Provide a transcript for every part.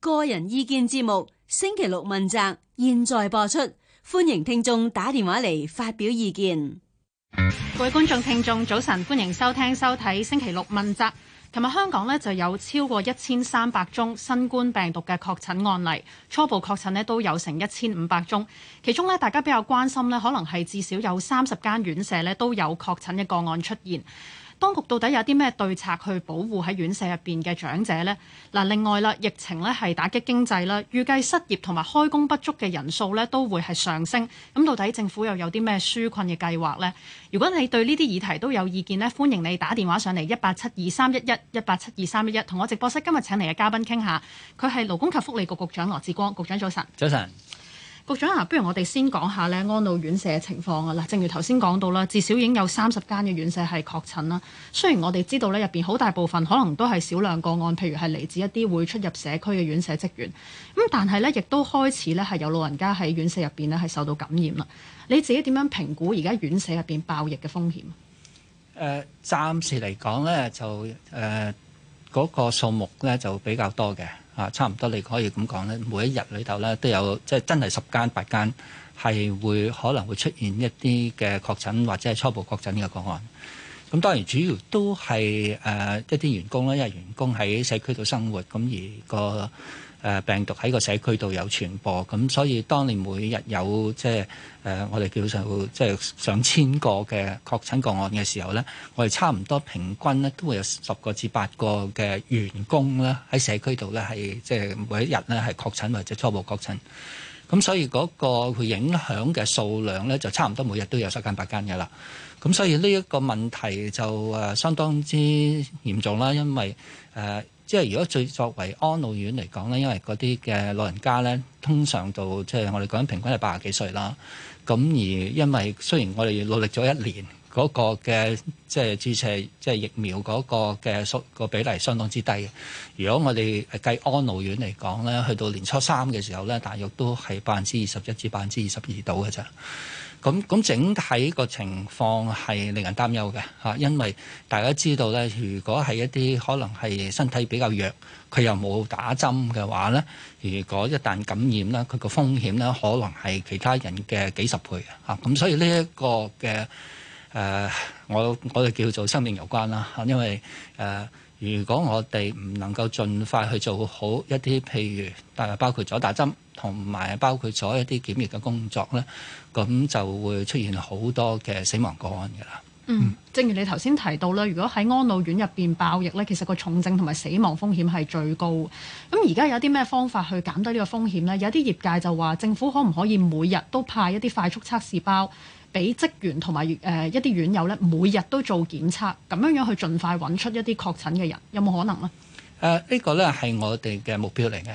個人意見節目星期六問責，現在播出，歡迎聽眾打電話嚟發表意見。各位觀眾聽眾早晨，歡迎收聽收睇星期六問責。琴日香港咧就有超過一千三百宗新冠病毒嘅確診案例，初步確診咧都有成一千五百宗，其中咧大家比較關心咧，可能係至少有三十間院舍咧都有確診嘅個案出現。當局到底有啲咩對策去保護喺院舍入邊嘅長者呢？嗱，另外啦，疫情咧係打擊經濟啦，預計失業同埋開工不足嘅人數咧都會係上升。咁到底政府又有啲咩紓困嘅計劃呢？如果你對呢啲議題都有意見咧，歡迎你打電話上嚟一八七二三一一一八七二三一一，同我直播室今日請嚟嘅嘉賓傾下。佢係勞工及福利局局、局長羅致光局長，早晨。早晨。局長啊，不如我哋先講下呢安老院舍嘅情況嘅啦。正如頭先講到啦，至少已經有三十間嘅院舍係確診啦。雖然我哋知道呢入邊好大部分可能都係少量個案，譬如係嚟自一啲會出入社區嘅院舍職員。咁但係呢亦都開始呢係有老人家喺院舍入邊呢係受到感染啦。你自己點樣評估而家院舍入邊爆疫嘅風險？誒、呃，暫時嚟講呢，就誒嗰、呃嗰個數目呢就比較多嘅。啊，差唔多你可以咁講咧，每一日裏頭咧都有即係真係十間八間係會可能會出現一啲嘅確診或者係初步確診嘅個案。咁當然主要都係誒、呃、一啲員工啦，因為員工喺社區度生活，咁而個，誒病毒喺個社區度有傳播，咁所以當年每日有即係誒、呃、我哋叫做即係上千個嘅確診個案嘅時候咧，我哋差唔多平均咧都會有十個至八個嘅員工咧喺社區度咧係即係每一日咧係確診或者初步確診，咁所以嗰個佢影響嘅數量咧就差唔多每日都有十間八間嘅啦。咁所以呢一個問題就誒相當之嚴重啦，因為誒，呃即係如果最作為安老院嚟講呢，因為嗰啲嘅老人家呢，通常就即係我哋講緊平均係八十幾歲啦。咁而因為雖然我哋努力咗一年，嗰個嘅即係注射即係疫苗嗰個嘅數個比例相當之低嘅。如果我哋計安老院嚟講呢，去到年初三嘅時候呢，大約都係百分之二十一至百分之二十二度嘅咋。咁咁整體個情況係令人擔憂嘅嚇，因為大家知道咧，如果係一啲可能係身體比較弱，佢又冇打針嘅話咧，如果一旦感染啦，佢個風險咧可能係其他人嘅幾十倍嘅嚇，咁所以呢一個嘅誒，我我哋叫做生命有關啦嚇，因為誒，如果我哋唔能夠盡快去做好一啲譬如，但係包括咗打針。同埋包括咗一啲檢疫嘅工作呢，咁就會出現好多嘅死亡個案嘅啦。嗯，正如你頭先提到啦，如果喺安老院入邊爆疫呢，其實個重症同埋死亡風險係最高。咁而家有啲咩方法去減低呢個風險呢？有啲業界就話，政府可唔可以每日都派一啲快速測試包俾職員同埋誒一啲院友呢，每日都做檢測，咁樣樣去盡快揾出一啲確診嘅人，有冇可能呢？誒、啊，呢、呢個呢係我哋嘅目標嚟嘅。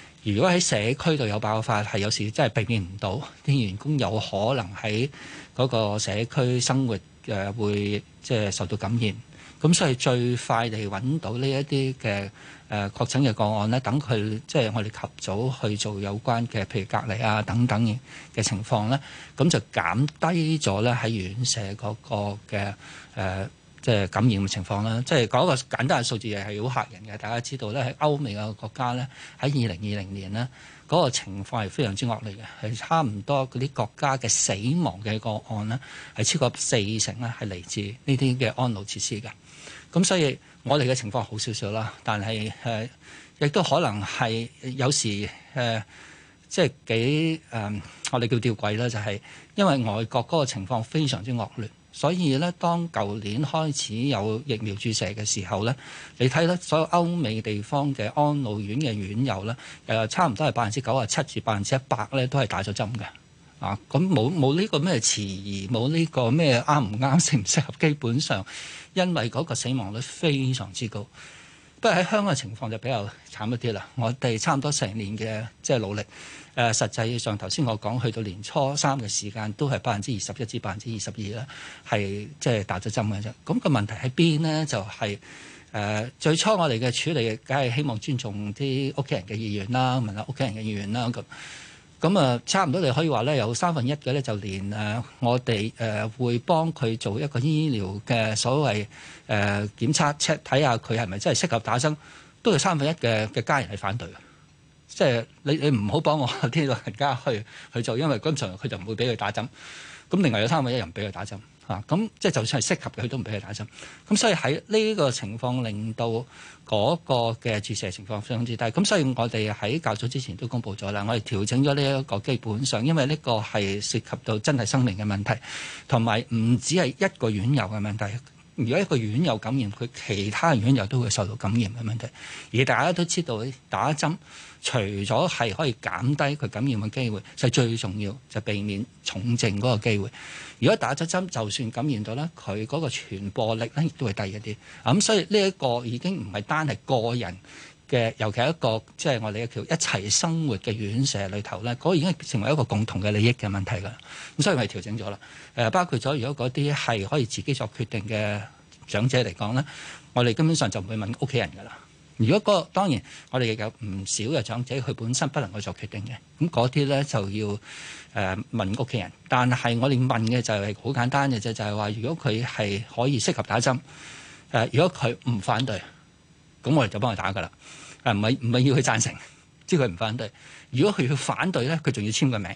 如果喺社區度有爆發，係有時真係避免唔到啲員工有可能喺嗰個社區生活誒，會即係受到感染。咁所以最快地揾到呢一啲嘅誒確診嘅個案咧，等佢即係我哋及早去做有關嘅，譬如隔離啊等等嘅情況咧，咁就減低咗咧喺院舍嗰個嘅誒。即係感染嘅情況啦，即係講一個簡單嘅數字係好嚇人嘅。大家知道咧，喺歐美嘅國家呢喺二零二零年呢嗰、嗰個情況係非常之惡劣嘅，係差唔多嗰啲國家嘅死亡嘅個案呢係超過四成呢係嚟自呢啲嘅安老設施嘅。咁所以我哋嘅情況好少少啦，但係誒亦都可能係有時誒、呃、即係幾誒、呃、我哋叫吊詭啦，就係、係、因為外國嗰個情況非常之惡劣。所以咧，當舊年開始有疫苗注射嘅時候咧，你睇得所有歐美地方嘅安老院嘅院友咧，誒差唔多係百分之九十七至百分之一百咧，都係打咗針嘅。啊，咁冇冇呢個咩遲疑，冇呢個咩啱唔啱，適唔適合，基本上因為嗰個死亡率非常之高。不過喺香港嘅情況就比較慘一啲啦。我哋差唔多成年嘅即係努力。誒實際上，頭先我講去到年初三嘅時間，都係百分之二十一至百分之二十二啦，係即係打咗針嘅啫。咁、嗰個問題喺邊呢？就係、是、誒、呃、最初我哋嘅處理，梗係希望尊重啲屋企人嘅意願啦，問一下屋企人嘅意願啦。咁咁啊，差唔多你可以話咧，有三分一嘅咧就連誒我哋誒、呃、會幫佢做一個醫療嘅所謂誒、呃、檢測 check 睇下佢係咪真係適合打針，都有三分一嘅嘅家人係反對。即係你，你唔好幫我啲老人家去去做，因為軍場佢就唔會俾佢打針。咁另外有三位一人俾佢打針嚇，咁即係就算係適合嘅，佢都唔俾佢打針。咁所以喺呢個情況令到嗰個嘅注射情況相當之低。咁所以我哋喺較早之前都公布咗啦，我哋調整咗呢一個基本上，因為呢個係涉及到真係生命嘅問題，同埋唔止係一個院友嘅問題。如果一個院有感染，佢其他院又都會受到感染嘅問題。而大家都知道，打針除咗係可以減低佢感染嘅機會，就最重要就避免重症嗰個機會。如果打咗針，就算感染到咧，佢嗰個傳播力咧亦都會低一啲。咁所以呢一個已經唔係單係個人。嘅，尤其係一個即係、就是、我哋一條一齊生活嘅院舍裏頭咧，嗰、那個已經係成為一個共同嘅利益嘅問題噶啦。咁所以咪調整咗啦。誒，包括咗如果嗰啲係可以自己作決定嘅長者嚟講咧，我哋根本上就唔會問屋企人噶啦。如果嗰、那個、當然我哋有唔少嘅長者，佢本身不能夠作決定嘅，咁嗰啲咧就要誒、呃、問屋企人。但係我哋問嘅就係好簡單嘅啫，就係、是、話如果佢係可以適合打針，誒、呃、如果佢唔反對，咁我哋就幫佢打噶啦。誒，唔係唔係要佢贊成，知佢唔反對。如果佢要反對咧，佢仲要簽個名，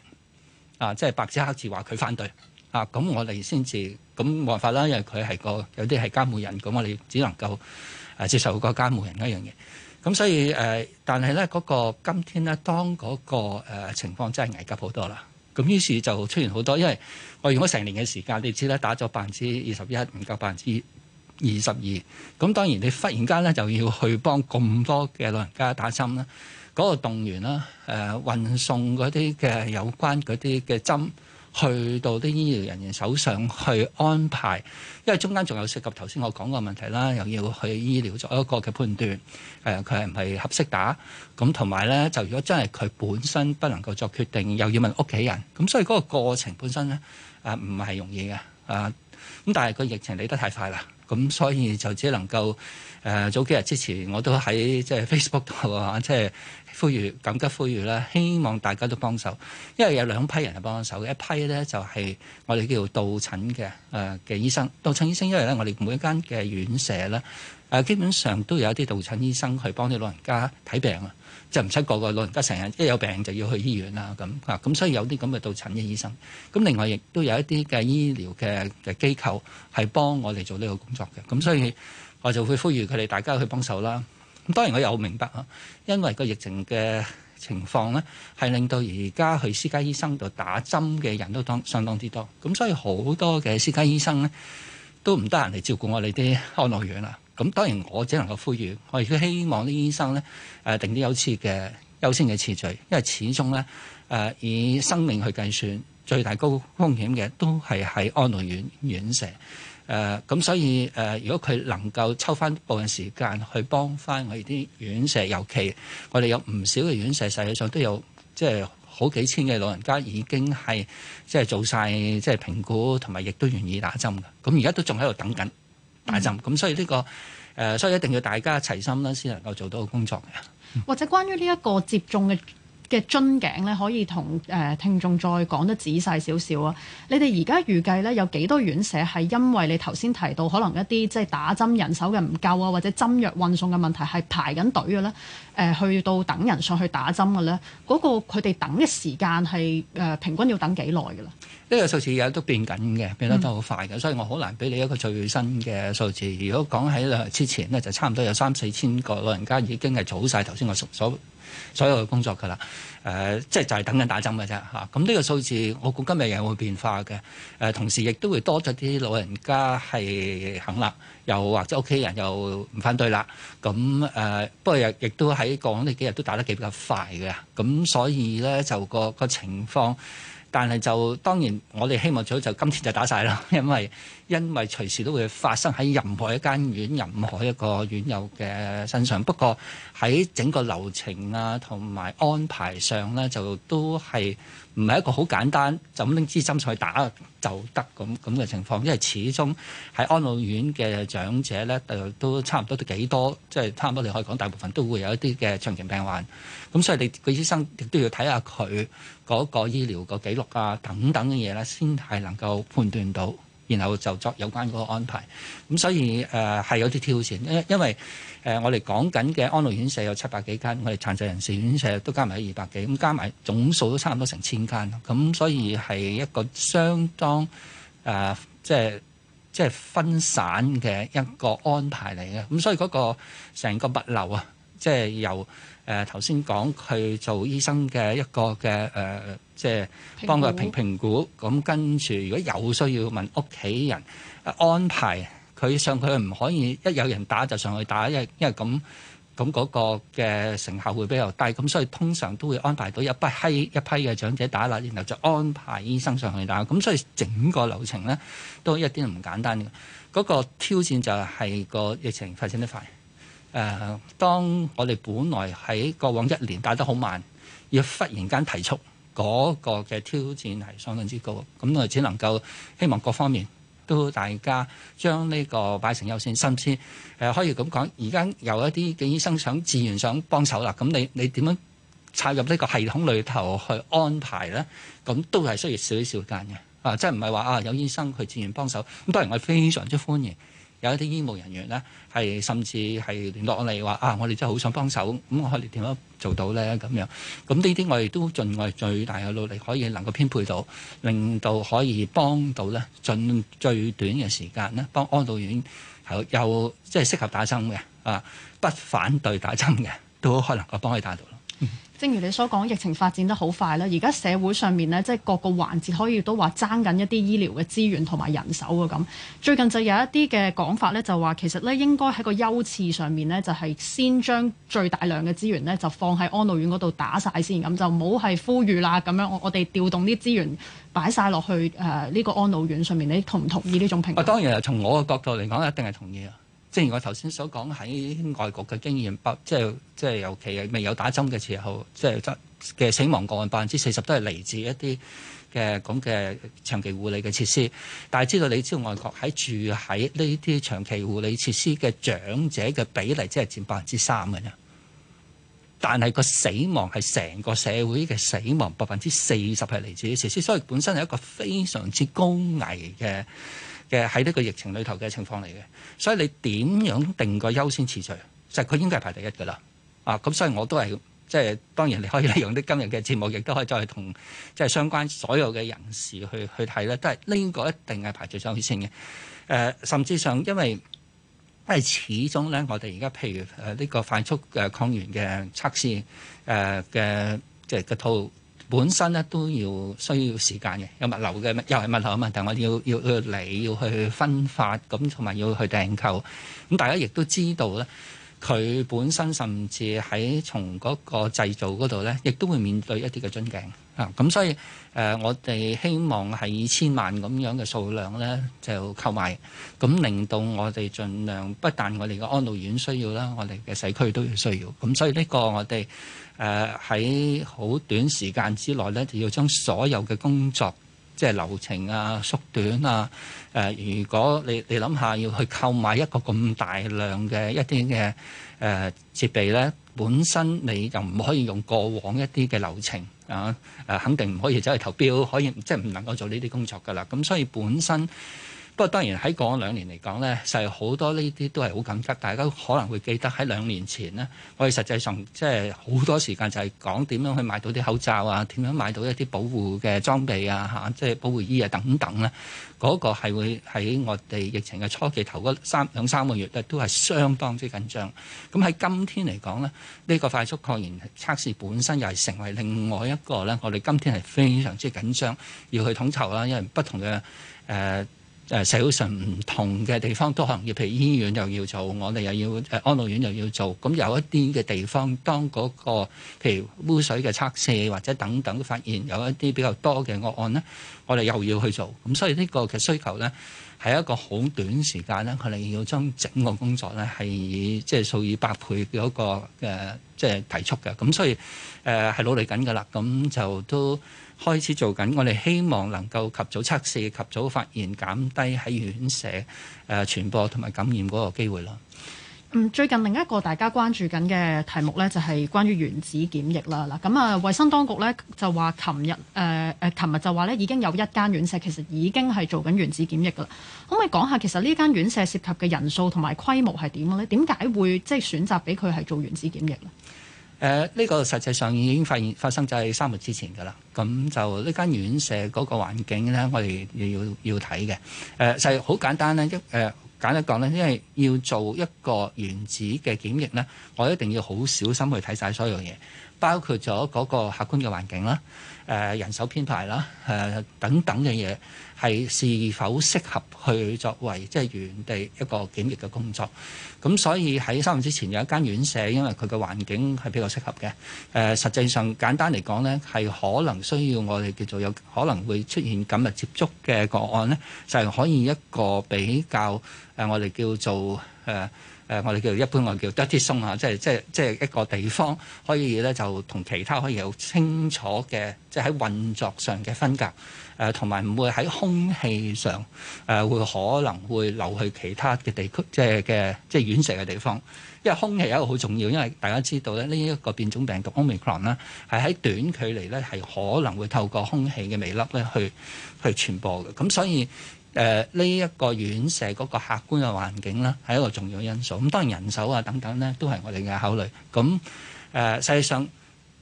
啊，即係白紙黑字話佢反對。啊，咁我哋先至咁冇辦法啦，因為佢係個有啲係監護人，咁我哋只能夠誒接受個監護人一樣嘢。咁所以誒，但係咧嗰個今天咧，當嗰個誒情況真係危急好多啦。咁於是就出現好多，因為我用咗成年嘅時間，你知啦，打咗百分之二十一唔夠百分之。二十二咁，22，當然你忽然間咧就要去幫咁多嘅老人家打針啦，嗰、那個動員啦，誒、呃、運送嗰啲嘅有關嗰啲嘅針去到啲醫療人員手上去安排，因為中間仲有涉及頭先我講個問題啦，又要去醫療作一個嘅判斷，誒佢係唔係合適打咁，同埋咧就如果真係佢本身不能夠作決定，又要問屋企人咁，所以嗰個過程本身咧啊唔係容易嘅啊。咁、呃、但係個疫情嚟得太快啦。咁所以就只能夠誒、呃、早幾日之前我都喺即係 Facebook 度即係呼籲、緊急呼籲啦，希望大家都幫手，因為有兩批人係幫手嘅，一批咧就係、是、我哋叫做到診嘅嘅、呃、醫生，到診醫生因為咧我哋每一間嘅院舍咧、呃、基本上都有一啲到診醫生去幫啲老人家睇病啊。就唔出過個老人家，成日一有病就要去醫院啦咁啊，咁所以有啲咁嘅到診嘅醫生，咁另外亦都有一啲嘅醫療嘅嘅機構係幫我哋做呢個工作嘅，咁所以我就會呼籲佢哋大家去幫手啦。咁當然我又明白啊，因為個疫情嘅情況呢係令到而家去私家醫生度打針嘅人都當相當之多，咁所以好多嘅私家醫生呢都唔得閒嚟照顧我哋啲安老院啦。咁當然我只能夠呼籲，我亦都希望啲醫生呢誒定啲優先嘅優先嘅次序，因為始終呢誒以生命去計算，最大高風險嘅都係喺安老院院，院舍。誒、呃、咁所以誒、呃，如果佢能夠抽翻部分時間去幫翻我哋啲院舍，尤其我哋有唔少嘅院舍，實際上都有即係、就是、好幾千嘅老人家已經係即係做晒，即、就、係、是、評估，同埋亦都願意打針嘅。咁而家都仲喺度等緊。大陣咁，嗯、所以呢、呢個誒，所以一定要大家齊心啦，先能夠做到個工作嘅。嗯、或者關於呢一個接種嘅嘅樽頸咧，可以同誒聽眾再講得仔細少少啊！你哋而家預計咧有幾多院舍係因為你頭先提到可能一啲即係打針人手嘅唔夠啊，或者針藥運送嘅問題係排緊隊嘅咧？誒，去到等人上去打針嘅咧，嗰、那個佢哋等嘅時間係誒平均要等幾耐嘅啦？呢個數字有都變緊嘅，變得都好快嘅，嗯、所以我好難俾你一個最新嘅數字。如果講喺之前呢，就差唔多有三四千個老人家已經係早晒頭先我所。嗯所有嘅工作噶啦，誒即係就係、是、等緊打針嘅啫嚇。咁、啊、呢、這個數字我估今日又會變化嘅，誒、呃、同時亦都會多咗啲老人家係肯啦，又或者屋企人又唔反對啦。咁、啊、誒不過亦都喺過往呢幾日都打得幾比較快嘅，咁、啊、所以咧就個個情況，但係就當然我哋希望最好就今次就打晒啦，因為。因為隨時都會發生喺任何一間院、任何一個院友嘅身上。不過喺整個流程啊，同埋安排上咧，就都係唔係一個好簡單，就咁拎支針去打就得咁咁嘅情況。因為始終喺安老院嘅長者咧，都差唔多都幾多，即係差唔多你可以講大部分都會有一啲嘅長期病患。咁所以你個醫生亦都要睇下佢嗰個醫療個記錄啊，等等嘅嘢咧，先係能夠判斷到。然後就作有關嗰個安排，咁所以誒係、呃、有啲挑戰，因為誒、呃、我哋講緊嘅安老院舍有七百幾間，我哋殘疾人士院舍都加埋二百幾，咁加埋總數都差唔多成千間，咁所以係一個相當誒、呃，即係即係分散嘅一個安排嚟嘅，咁所以嗰個成個物流啊，即係由誒頭先講去做醫生嘅一個嘅誒。呃即係幫佢評評估，咁跟住如果有需要問屋企人安排佢上，佢唔可以一有人打就上去打，因因為咁咁嗰個嘅成效會比較低，咁所以通常都會安排到一批一批嘅長者打啦，然後就安排醫生上去打，咁所以整個流程呢，都一啲唔簡單嘅，嗰個挑戰就係個疫情發展得快。誒、呃，當我哋本來喺過往一年打得好慢，要忽然間提速。嗰個嘅挑戰係相當之高，咁我只能夠希望各方面都大家將呢個擺成優先，甚先、呃，可以咁講，而家有一啲嘅醫生想自願想幫手啦，咁你你點樣插入呢個系統裏頭去安排咧？咁都係需要少少時間嘅，啊，即係唔係話啊有醫生去自願幫手，咁當然我非常之歡迎。有一啲醫務人員咧，係甚至係聯絡我哋話：啊，我哋真係好想幫手，咁我哋點樣做到咧？咁樣，咁呢啲我哋都盡我最大嘅努力，可以能夠編配到，令到可以幫到咧，盡最短嘅時間咧，幫安老院又即係適合打針嘅啊，不反對打針嘅，都可能夠幫佢打到咯。嗯正如你所講，疫情發展得好快啦，而家社會上面咧，即係各個環節可以都話爭緊一啲醫療嘅資源同埋人手啊咁。最近就有一啲嘅講法咧，就話其實咧應該喺個優次上面咧，就係先將最大量嘅資源咧就放喺安老院嗰度打晒先，咁就唔好係呼籲啦咁樣我們調。我我哋調動啲資源擺晒落去誒呢個安老院上面，你同唔同意呢種評價？啊，當然係從我嘅角度嚟講，一定係同意啊。正如我頭先所講，喺外國嘅經驗，不即係即係尤其係未有打針嘅時候，即係嘅死亡個案百分之四十都係嚟自一啲嘅咁嘅長期護理嘅設施。但係知道你知道外國喺住喺呢啲長期護理設施嘅長者嘅比例，即係佔百分之三嘅啫。但係個死亡係成個社會嘅死亡百分之四十係嚟自呢啲設施，所以本身係一個非常之高危嘅。嘅喺呢個疫情裏頭嘅情況嚟嘅，所以你點樣定個優先次序？就佢、實、應該係排第一噶啦，啊咁，所以我都係即係當然你可以利用啲今日嘅節目，亦都可以再同即係相關所有嘅人士去去睇咧，都係呢個一定係排在上位先嘅。誒、呃，甚至上因為因為始終咧，我哋而家譬如誒呢個快速嘅抗原嘅測試誒嘅嘅一套。本身咧都要需要時間嘅，有物流嘅，又係物流嘅問題。我哋要要去理，要去分發，咁同埋要去訂購。咁大家亦都知道咧，佢本身甚至喺從嗰個製造嗰度咧，亦都會面對一啲嘅樽頸。啊！咁所以誒，我哋希望係二千萬咁樣嘅數量咧，就購買，咁令到我哋盡量不但我哋嘅安老院需要啦，我哋嘅社區都要需要。咁所以呢個我哋誒喺好短時間之內咧，就要將所有嘅工作即係流程啊縮短啊誒！如果你你諗下要去購買一個咁大量嘅一啲嘅誒設備咧，本身你就唔可以用過往一啲嘅流程。啊！誒，肯定唔可以走去投標，可以即係唔能夠做呢啲工作噶啦。咁所以本身。不過當然喺過兩年嚟講呢，就係好多呢啲都係好緊急。大家可能會記得喺兩年前呢，我哋實際上即係好多時間就係講點樣去買到啲口罩啊，點樣買到一啲保護嘅裝備啊，嚇，即係保護衣啊等等呢，嗰、嗰個係會喺我哋疫情嘅初期頭嗰三兩三個月呢都係相當之緊張。咁喺今天嚟講呢，呢、呢個快速抗原測試本身又係成為另外一個呢。我哋今天係非常之緊張要去統籌啦，因為不同嘅誒。呃誒社會上唔同嘅地方都可能要，譬如醫院又要做，我哋又要、呃、安老院又要做。咁有一啲嘅地方，當嗰、嗰個譬如污水嘅測試或者等等發現有一啲比較多嘅惡案呢，我哋又要去做。咁所以呢個嘅需求呢，係一個好短時間呢，佢哋要將整個工作呢，係以即係、就是、數以百倍嗰個即係、呃就是、提速嘅。咁所以誒係、呃、努力緊噶啦，咁就都。開始做緊，我哋希望能夠及早測試、及早發現、減低喺院舍誒傳播同埋感染嗰個機會啦。嗯，最近另一個大家關注緊嘅題目呢，就係關於原址檢疫啦。嗱，咁啊，衞生當局呢，呃、昨就話，琴日誒誒，琴日就話呢，已經有一間院舍其實已經係做緊原址檢疫噶啦。可唔可以講下，其實呢間院舍涉及嘅人數同埋規模係點嘅呢？點解會即係選擇俾佢係做原址檢疫呢？誒呢、呃這個實際上已經發現發生就係三月之前嘅啦，咁就呢間院舍嗰個環境咧，我哋要要要睇嘅。誒就係好簡單咧，一、呃、誒簡單講咧，因為要做一個原子嘅檢疫咧，我一定要好小心去睇晒所有嘢，包括咗嗰個客觀嘅環境啦、誒、呃、人手編排啦、誒、呃、等等嘅嘢。係是，是否適合去作為即係、就是、原地一個檢疫嘅工作？咁所以喺三年之前有一間院舍，因為佢嘅環境係比較適合嘅。誒、呃，實際上簡單嚟講呢，係可能需要我哋叫做有可能會出現緊密接觸嘅個案呢，就係可以一個比較、呃、我哋叫做、呃誒、呃，我哋叫一般我哋叫 Dirty Zone 啊，即係即係即係一個地方，可以咧就同其他可以有清楚嘅，即係喺運作上嘅分隔。誒、呃，同埋唔會喺空氣上誒、呃，會可能會流去其他嘅地區，即係嘅即係軟石嘅地方。因為空氣有一個好重要，因為大家知道咧，呢、這、一個變種病毒 Omicron 呢，係喺短距離咧係可能會透過空氣嘅微粒咧去去傳播嘅。咁所以。誒呢一個院舍嗰個客觀嘅環境啦，係一個重要因素。咁當然人手啊等等呢，都係我哋嘅考慮。咁、嗯、誒、呃，實際上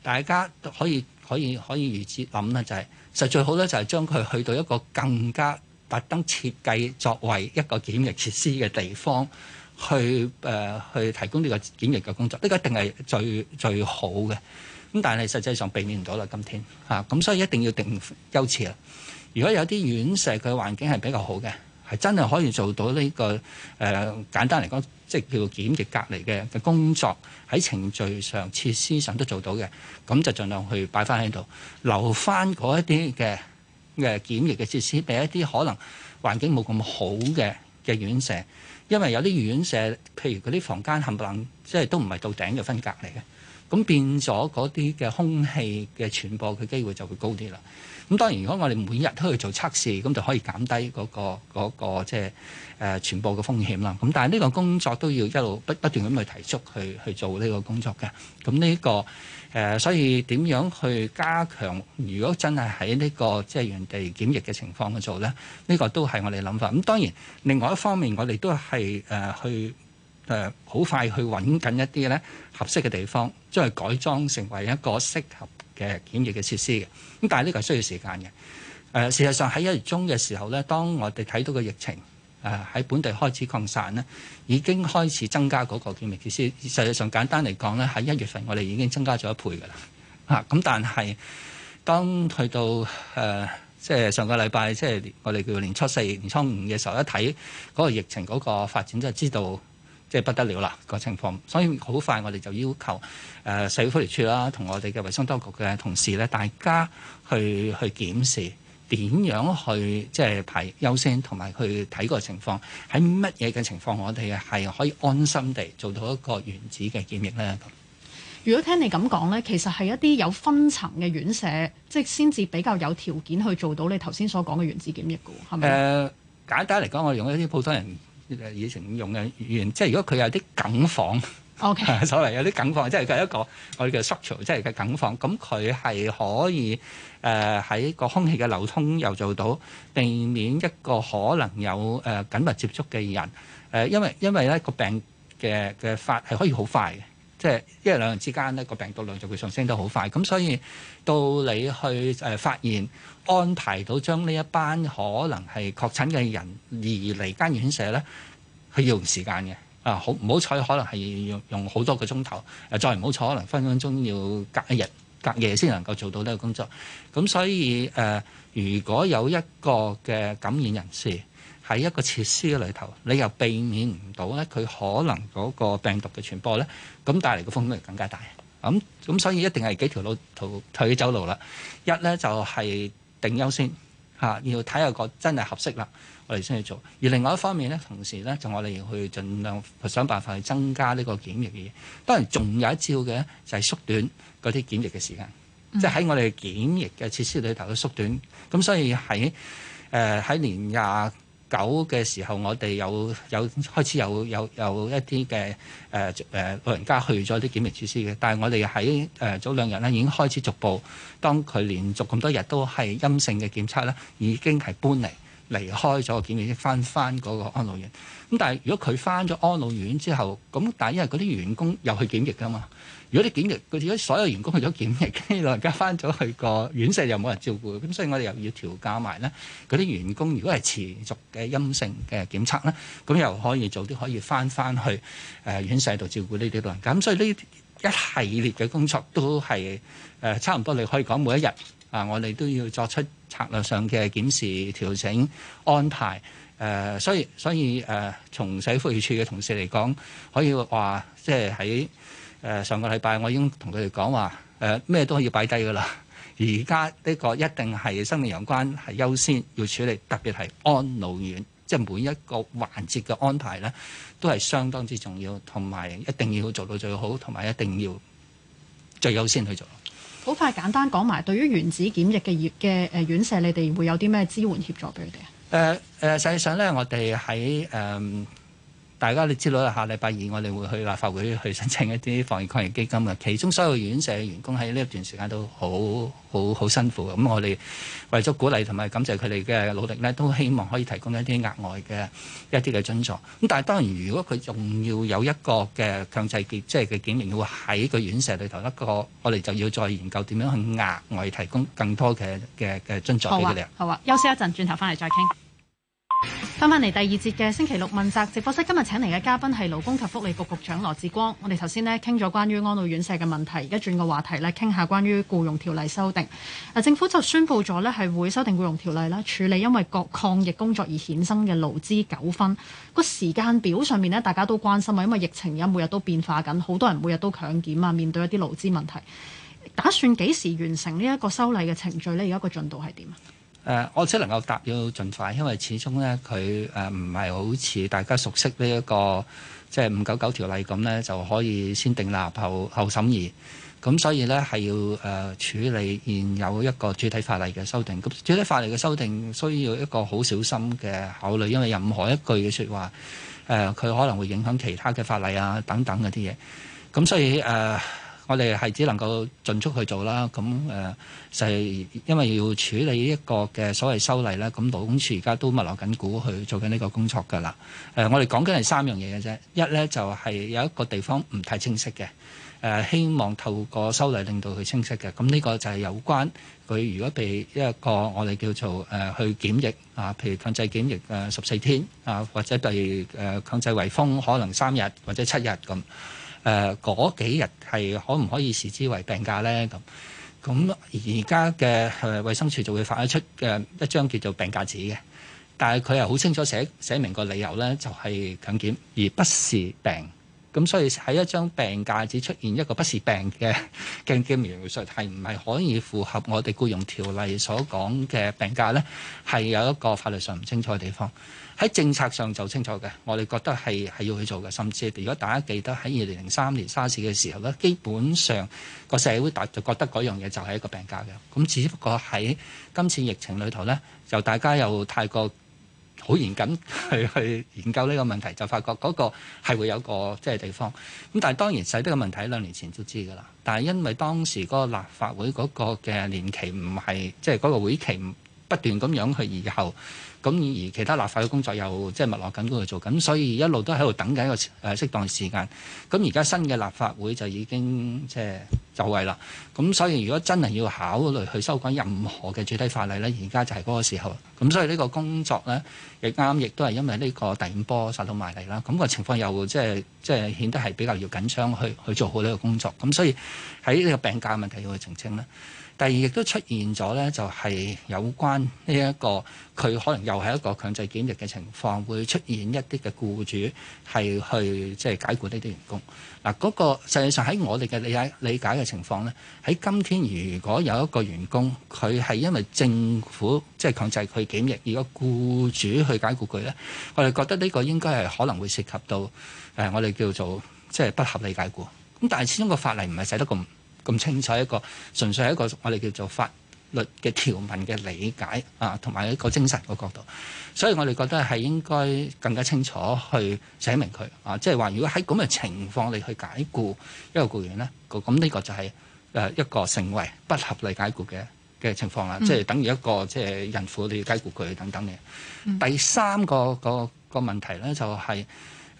大家可以可以可以如此諗啦，就係、是、實際上最好咧，就係將佢去到一個更加特登設計作為一個檢疫設施嘅地方，去誒、呃、去提供呢個檢疫嘅工作，呢、這個一定係最最好嘅。咁、嗯、但係實際上避免唔到啦，今天咁、啊嗯，所以一定要定優次啦。如果有啲院舍佢環境係比較好嘅，係真係可以做到呢、呢個誒、呃、簡單嚟講，即係叫做檢疫隔離嘅嘅工作喺程序上、設施上都做到嘅，咁就盡量去擺翻喺度，留翻嗰一啲嘅嘅檢疫嘅設施俾一啲可能環境冇咁好嘅嘅院舍，因為有啲院舍譬如嗰啲房間冚唪唥即係都唔係到頂嘅分隔嚟嘅，咁變咗嗰啲嘅空氣嘅傳播嘅機會就會高啲啦。咁當然，如果我哋每日都去做測試，咁就可以減低嗰個嗰個即係誒全部嘅風險啦。咁但係呢個工作都要一路不不斷咁去提速，去去做呢個工作嘅。咁呢個誒，所以點樣去加強？如果真係喺呢個即係原地檢疫嘅情況去做呢，呢個都係我哋諗法。咁當然，另外一方面，我哋都係誒去誒好快去揾緊一啲呢合適嘅地方，將佢改裝成為一個適合嘅檢疫嘅設施嘅，咁但係呢個係需要時間嘅。誒、呃，事實上喺一月中嘅時候咧，當我哋睇到個疫情誒喺、呃、本地開始擴散咧，已經開始增加嗰個檢疫設施。實際上簡單嚟講咧，喺一月份我哋已經增加咗一倍噶啦。啊，咁但係當去到誒即係上個禮拜，即、就、係、是、我哋叫年初四、年初五嘅時候，一睇嗰個疫情嗰個發展，就知道。即係不得了啦個情況，所以好快我哋就要求誒社會福利署啦，同我哋嘅衞生當局嘅同事咧，大家去去檢視點樣去即係排優先，同埋去睇個情況，喺乜嘢嘅情況，我哋係可以安心地做到一個原子嘅檢疫咧。咁如果聽你咁講咧，其實係一啲有分層嘅院舍，即係先至比較有條件去做到你頭先所講嘅原子檢疫嘅喎，係咪？誒、呃、簡單嚟講，我哋用一啲普通人。以前用嘅語言，即係如果佢有啲梗房，所謂 Okay. 有啲梗房，即係佢一個我哋叫 structural 即係佢梗房。咁佢係可以誒喺個空氣嘅流通又做到避免一個可能有誒、呃、緊密接觸嘅人。誒、呃，因為因為咧個病嘅嘅發係可以好快嘅，即係一日兩日之間呢、那個病毒量就會上升得好快。咁所以到你去誒、呃、發現。安排到將呢一班可能係確診嘅人移離間院舍咧，係要用時間嘅啊！不好唔好彩可能係用用好多個鐘頭，誒再唔好彩可能分分鐘要隔一日、隔夜先能夠做到呢個工作。咁所以誒、呃，如果有一個嘅感染人士喺一個設施嘅裏頭，你又避免唔到咧，佢可能嗰個病毒嘅傳播咧，咁帶嚟嘅風險更加大。咁、嗯、咁所以一定係幾條路途，佢要走路啦。一咧就係、是。定優先吓，要睇下個真係合適啦，我哋先去做。而另外一方面咧，同時咧就我哋要去盡量去想辦法去增加呢個檢疫嘅嘢。當然仲有一招嘅就係、是、縮短嗰啲檢疫嘅時間，嗯、即係喺我哋檢疫嘅設施裏頭去縮短。咁所以喺誒喺年廿。九嘅時候，我哋有有開始有有有一啲嘅誒誒老人家去咗啲檢疫措施嘅，但係我哋喺誒早兩日咧已經開始逐步，當佢連續咁多日都係陰性嘅檢測咧，已經係搬嚟。離開咗個檢疫，即係翻翻嗰個安老院。咁但係如果佢翻咗安老院之後，咁但係因為嗰啲員工又去檢疫㗎嘛。如果啲檢疫，佢如果所有員工去咗檢疫，啲老人家翻咗去個院舍又冇人照顧，咁所以我哋又要調教埋呢嗰啲員工。如果係持續嘅陰性嘅檢測呢，咁又可以早啲可以翻翻去誒、呃、院舍度照顧呢啲老人家。咁所以呢一系列嘅工作都係誒、呃、差唔多，你可以講每一日。啊！我哋都要作出策略上嘅檢視、調整、安排。誒、呃，所以所以誒、呃，從使費處嘅同事嚟講，可以話即係喺誒上個禮拜，我已經同佢哋講話誒，咩、呃、都可以擺低㗎喇。而家呢個一定係生命有關，係優先要處理，特別係安老院，即、就、係、是、每一個環節嘅安排呢，都係相當之重要，同埋一定要做到最好，同埋一定要最優先去做。好快簡單講埋，對於原子檢疫嘅業嘅誒院舍，你哋會有啲咩支援協助俾佢哋啊？誒誒、呃，實際上咧，我哋喺誒。呃大家你知道啦，下禮拜二我哋會去立法會去申請一啲防疫抗疫基金嘅，其中所有院舍嘅員工喺呢一段時間都好好好辛苦，咁我哋為咗鼓勵同埋感謝佢哋嘅努力呢都希望可以提供一啲額外嘅一啲嘅津助。咁但係當然，如果佢仲要有一個嘅強制即係嘅證明，要喺個院舍裏頭一個，我哋就要再研究點樣去額外提供更多嘅嘅嘅津助俾佢哋。好啊，好啊，休息一陣，轉頭翻嚟再傾。翻返嚟第二節嘅星期六問責直播室，今日請嚟嘅嘉賓係勞工及福利局局長羅致光。我哋頭先咧傾咗關於安老院舍嘅問題，而家轉個話題咧，傾下關於僱傭條例修訂。啊,政府就宣佈咗咧係會修訂僱傭條例啦，處理因為各抗疫工作而衍生嘅勞資糾紛。個時間表上面大家都關心啊，因為疫情而家每日都變化緊，好多人每日都強檢啊，面對一啲勞資問題。打算幾時完成呢一個修例嘅程序呢？而家個進度係點啊？誒、呃，我只能夠答要盡快，因為始終呢，佢誒唔係好似大家熟悉呢、這、一個即係五九九條例咁呢，就可以先訂立，立後後審議。咁所以呢，係要誒、呃、處理現有一個主體法例嘅修訂。咁主體法例嘅修訂需要一個好小心嘅考慮，因為任何一句嘅説話誒，佢、呃、可能會影響其他嘅法例啊等等嗰啲嘢。咁所以誒。呃我哋係只能夠盡速去做啦，咁誒就係因為要處理一個嘅所謂修例啦，咁勞工處而家都密鑼緊鼓去做緊呢個工作㗎啦。誒，我哋講緊係三樣嘢嘅啫，一呢就係有一個地方唔太清晰嘅，誒希望透過修例令到佢清晰嘅。咁呢個就係有關佢如果被一個我哋叫做誒去檢疫啊，譬如強制檢疫誒十四天啊，或者被誒強制圍封可能三日或者七日咁。誒嗰、呃、幾日係可唔可以視之為病假呢？咁咁而家嘅衛衛生署就會發一出嘅、呃、一張叫做病假紙嘅，但係佢係好清楚寫寫明個理由呢，就係、是、強檢，而不是病。咁所以喺一張病假紙出現一個不是病嘅強檢描述，係唔係可以符合我哋僱傭條例所講嘅病假呢？係有一個法律上唔清楚嘅地方。喺政策上就清楚嘅，我哋覺得係係要去做嘅，甚至如果大家記得喺二零零三年沙士嘅時候咧，基本上個社會大就覺得嗰樣嘢就係一個病假嘅，咁只不過喺今次疫情裏頭咧，就大家又太過好嚴謹去去研究呢個問題，就發覺嗰個係會有個即係、就是、地方，咁但係當然細啲嘅問題兩年前都知噶啦，但係因為當時嗰個立法會嗰個嘅年期唔係即係嗰個會期唔。不斷咁樣去延後，咁而其他立法嘅工作又即係密落緊嗰度做，咁所以一路都喺度等緊一個誒適當時間。咁而家新嘅立法會就已經即係就位啦。咁所以如果真係要考慮去修改任何嘅具體法例呢，而家就係嗰個時候。咁所以呢個工作呢，亦啱，亦都係因為呢個第五波殺到埋嚟啦。咁個情況又即係即係顯得係比較要緊張，去去做好呢個工作。咁所以喺呢個病假問題要去澄清呢。第二亦都出現咗呢，就係有關呢、這、一個佢可能又係一個強制檢疫嘅情況，會出現一啲嘅僱主係去即係解僱呢啲員工。嗱，嗰個實際上喺我哋嘅理解理解嘅情況呢，喺今天如果有一個員工佢係因為政府即係、就是、強制佢檢疫，如果僱主去解僱佢呢，我哋覺得呢個應該係可能會涉及到誒我哋叫做即係、就是、不合理解僱。咁但係始終個法例唔係寫得咁咁清楚一個，純粹係一個我哋叫做法律嘅條文嘅理解啊，同埋一個精神嘅角度，所以我哋覺得係應該更加清楚去寫明佢啊，即係話如果喺咁嘅情況你去解僱一個僱員呢，咁呢個就係誒一個成為不合理解僱嘅嘅情況啦，嗯、即係等於一個即係孕婦你要解僱佢等等嘅。第三個個個問題呢就係、是、誒、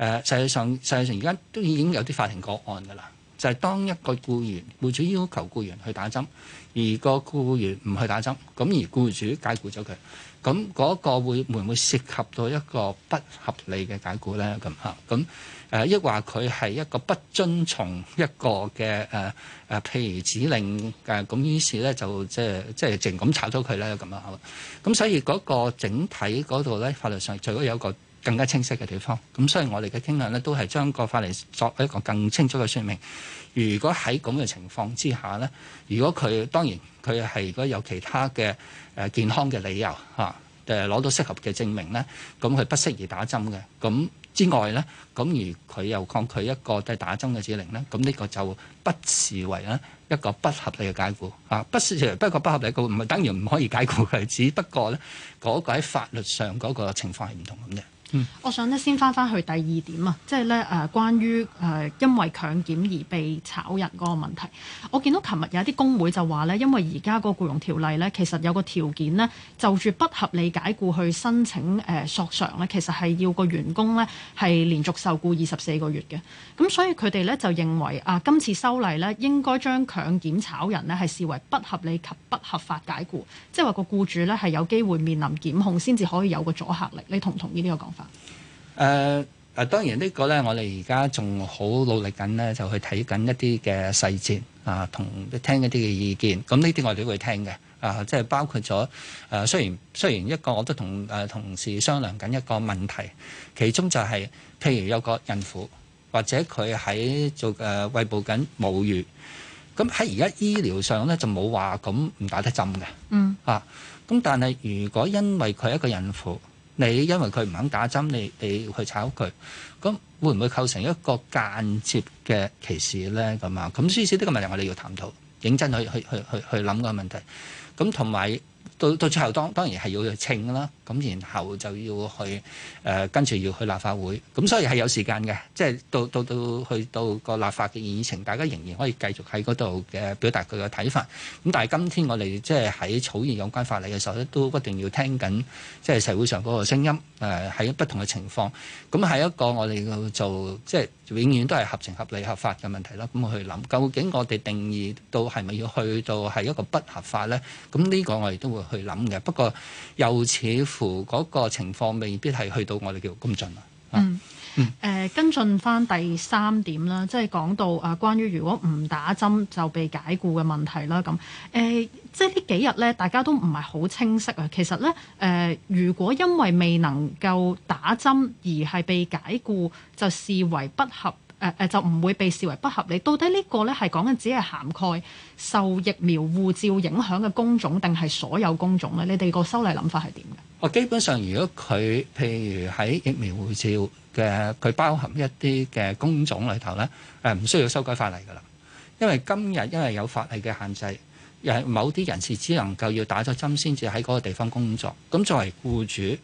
啊，實際上實際上而家都已經有啲法庭個案㗎啦。就係當一個僱員僱主要求僱員去打針，而個僱員唔去打針，咁而僱主解僱咗佢，咁嗰個會會唔會涉及到一個不合理嘅解僱咧？咁嚇咁誒，抑或佢係一個不遵從一個嘅誒誒譬如指令嘅，咁、啊、於是咧就即係即係淨咁炒咗佢咧咁樣係嘛。咁所以嗰個整體嗰度咧法律上，除咗有一個。更加清晰嘅地方，咁所以我哋嘅傾向呢，都係將個法例作為一個更清楚嘅説明。如果喺咁嘅情況之下呢，如果佢當然佢係如果有其他嘅誒健康嘅理由嚇，誒、啊、攞到適合嘅證明呢，咁佢不適宜打針嘅。咁之外呢，咁而佢又抗拒一個即係打針嘅指令呢，咁呢個就不視為呢一個不合理嘅解雇嚇、啊，不視為不過不合理嘅解雇，唔係當然唔可以解雇佢，只不過呢，嗰、嗰個喺法律上嗰個情況係唔同咁嘅。嗯、我想咧先翻翻去第二點啊，即係咧誒關於誒因為強檢而被炒人嗰個問題。我見到琴日有一啲工會就話咧，因為而家個僱傭條例咧，其實有個條件呢，就住不合理解僱去申請誒索償咧，其實係要個員工咧係連續受僱二十四個月嘅。咁所以佢哋咧就認為啊，今次修例咧應該將強檢炒人呢係視為不合理及不合法解僱，即係話個僱主咧係有機會面臨檢控先至可以有個阻嚇力。你同唔同意呢個講法？誒、呃，啊，當然呢個咧，我哋而家仲好努力緊呢，就去睇緊一啲嘅細節啊，同聽一啲嘅意見。咁呢啲我哋都會聽嘅啊，即係包括咗誒、啊。雖然雖然一個，我都同誒、啊、同事商量緊一個問題，其中就係、是、譬如有個孕婦或者佢喺做誒餵哺緊母乳，咁喺而家醫療上咧就冇話咁唔打得針嘅，嗯啊。咁但係如果因為佢一個孕婦，你因為佢唔肯打針，你你去炒佢，咁會唔會構成一個間接嘅歧視咧？咁啊，咁所以呢個問題我哋要探討，認真去去去去去諗個問題，咁同埋。到到最後當，當當然係要去稱啦，咁然後就要去誒、呃、跟住要去立法會，咁所以係有時間嘅，即、就、係、是、到到到去到個立法嘅議程，大家仍然可以繼續喺嗰度嘅表達佢嘅睇法。咁但係今天我哋即係喺草擬有關法例嘅時候咧，都一定要聽緊即係社會上嗰個聲音。誒係一不同嘅情況，咁係一個我哋叫做即係、就是、永遠都係合情合理合法嘅問題啦。咁去諗究竟我哋定義到係咪要去到係一個不合法呢？咁呢個我哋都會去諗嘅。不過又似乎嗰個情況未必係去到我哋叫咁盡啊。嗯誒、嗯、跟進翻第三點啦，即係講到啊，關於如果唔打針就被解雇嘅問題啦。咁誒、呃，即係呢幾日咧，大家都唔係好清晰啊。其實咧，誒、呃，如果因為未能夠打針而係被解雇，就視為不合誒誒、呃，就唔會被視為不合理。到底呢個咧係講緊只係涵蓋受疫苗護照影響嘅工種，定係所有工種咧？你哋個修例諗法係點嘅？我基本上，如果佢譬如喺疫苗護照。嘅佢包含一啲嘅工種裏頭呢，誒、啊、唔需要修改法例噶啦，因為今日因為有法例嘅限制，又係某啲人士只能夠要打咗針先至喺嗰個地方工作，咁作為僱主，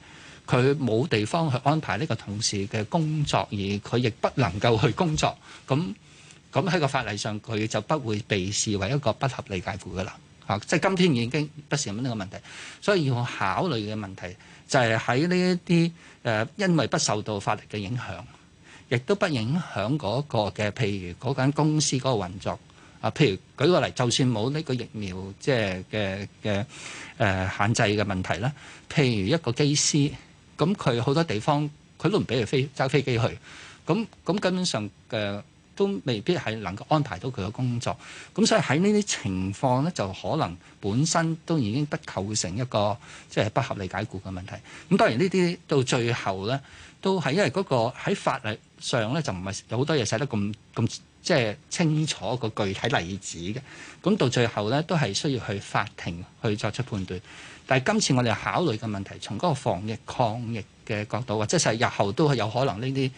佢冇地方去安排呢個同事嘅工作，而佢亦不能夠去工作，咁咁喺個法例上佢就不會被視為一個不合理解雇噶啦，吓，即係今天已經不是咁呢個問題，所以要考慮嘅問題就係喺呢一啲。誒，因為不受到法律嘅影響，亦都不影響嗰個嘅，譬如嗰間公司嗰個運作啊。譬如舉個例，就算冇呢個疫苗，即係嘅嘅誒限制嘅問題啦，譬如一個機師，咁佢好多地方，佢都唔俾佢飛揸飛機去，咁咁根本上嘅。都未必係能夠安排到佢嘅工作，咁所以喺呢啲情況呢，就可能本身都已經不構成一個即係、就是、不合理解僱嘅問題。咁當然呢啲到最後呢，都係因為嗰個喺法律上呢，就唔係有好多嘢寫得咁咁即係清楚個具體例子嘅。咁到最後呢，都係需要去法庭去作出判斷。但係今次我哋考慮嘅問題，從嗰個防疫抗疫嘅角度，或者係日後都係有可能呢啲。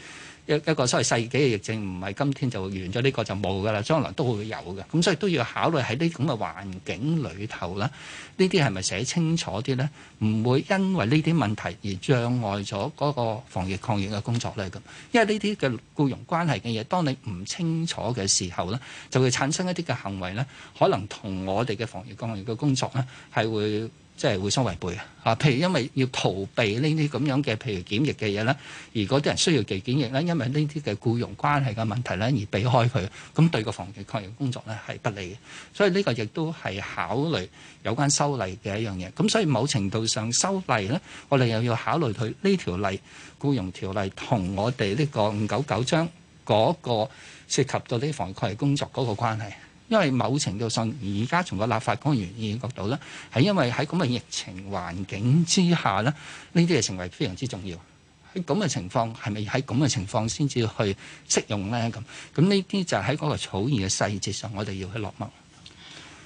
一個所謂世紀嘅疫症，唔係今天就完咗，呢、這個就冇噶啦，將來都會有嘅。咁所以都要考慮喺呢咁嘅環境裏頭啦。呢啲係咪寫清楚啲呢？唔會因為呢啲問題而障礙咗嗰個防疫抗疫嘅工作呢。咁因為呢啲嘅僱傭關係嘅嘢，當你唔清楚嘅時候呢，就會產生一啲嘅行為呢，可能同我哋嘅防疫抗疫嘅工作呢，係會。即係互相違背啊！譬如因為要逃避呢啲咁樣嘅，譬如檢疫嘅嘢咧，而嗰啲人需要做檢疫咧，因為呢啲嘅僱傭關係嘅問題咧，而避開佢，咁對個防疫抗疫工作咧係不利嘅。所以呢個亦都係考慮有關修例嘅一樣嘢。咁所以某程度上修例咧，我哋又要考慮佢呢條例僱傭條例同我哋呢個五九九章嗰個涉及到呢個防疫抗疫工作嗰個關係。因為某程度上，而家從個立法原意嘅角度咧，係因為喺咁嘅疫情環境之下咧，呢啲係成為非常之重要。喺咁嘅情況，係咪喺咁嘅情況先至去適用咧？咁咁呢啲就係喺嗰個草擬嘅細節上，我哋要去落墨。誒、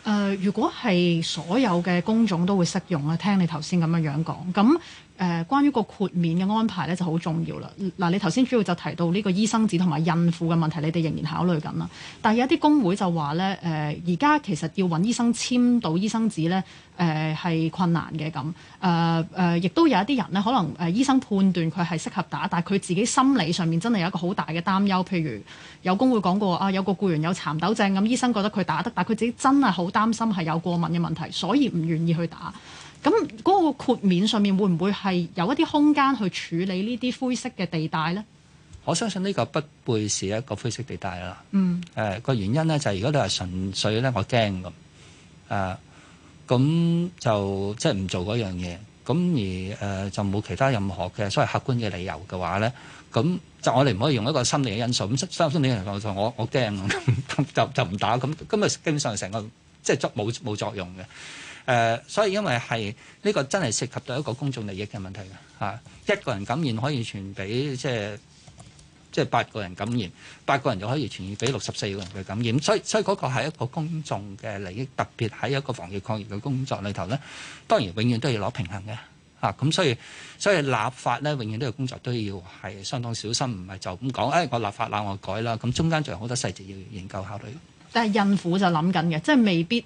呃，如果係所有嘅工種都會適用咧，聽你頭先咁樣樣講咁。誒、呃，關於個豁免嘅安排咧，就好重要啦。嗱、呃，你頭先主要就提到呢個醫生紙同埋孕婦嘅問題，你哋仍然考慮緊啦。但係有一啲工會就話咧，誒、呃，而家其實要搵醫生簽到醫生紙咧，誒、呃、係困難嘅咁。誒誒，亦、呃呃、都有一啲人咧，可能誒、呃、醫生判斷佢係適合打，但佢自己心理上面真係有一個好大嘅擔憂。譬如有工會講過啊，有個僱員有蠶豆症，咁、嗯、醫生覺得佢打得，但佢自己真係好擔心係有過敏嘅問題，所以唔願意去打。咁嗰個豁免上面會唔會係有一啲空間去處理呢啲灰色嘅地帶咧？我相信呢個不會是一個灰色地帶啦。嗯。誒個、呃、原因咧就係如果你係純粹咧，我驚咁。誒，咁、呃、就即係唔做嗰樣嘢。咁而誒就冇其他任何嘅所謂客觀嘅理由嘅話咧，咁就我哋唔可以用一個心理嘅因素。咁相相對嚟講我我驚咁， 就就唔打咁。咁就基本上成個即係冇冇作用嘅。誒、呃，所以因為係呢、這個真係涉及到一個公眾利益嘅問題嘅、啊、一個人感染可以傳俾即係即係八個人感染，八個人就可以傳染俾六十四個人嘅感染，所以所以嗰個係一個公眾嘅利益，特別喺一個防疫抗疫嘅工作裏頭呢，當然永遠都要攞平衡嘅咁、啊、所以所以立法呢，永遠都要工作都要係相當小心，唔係就咁講，誒、哎、我立法，我改啦，咁中間仲有好多細節要研究考慮。但係孕婦就諗緊嘅，即係未必誒誒、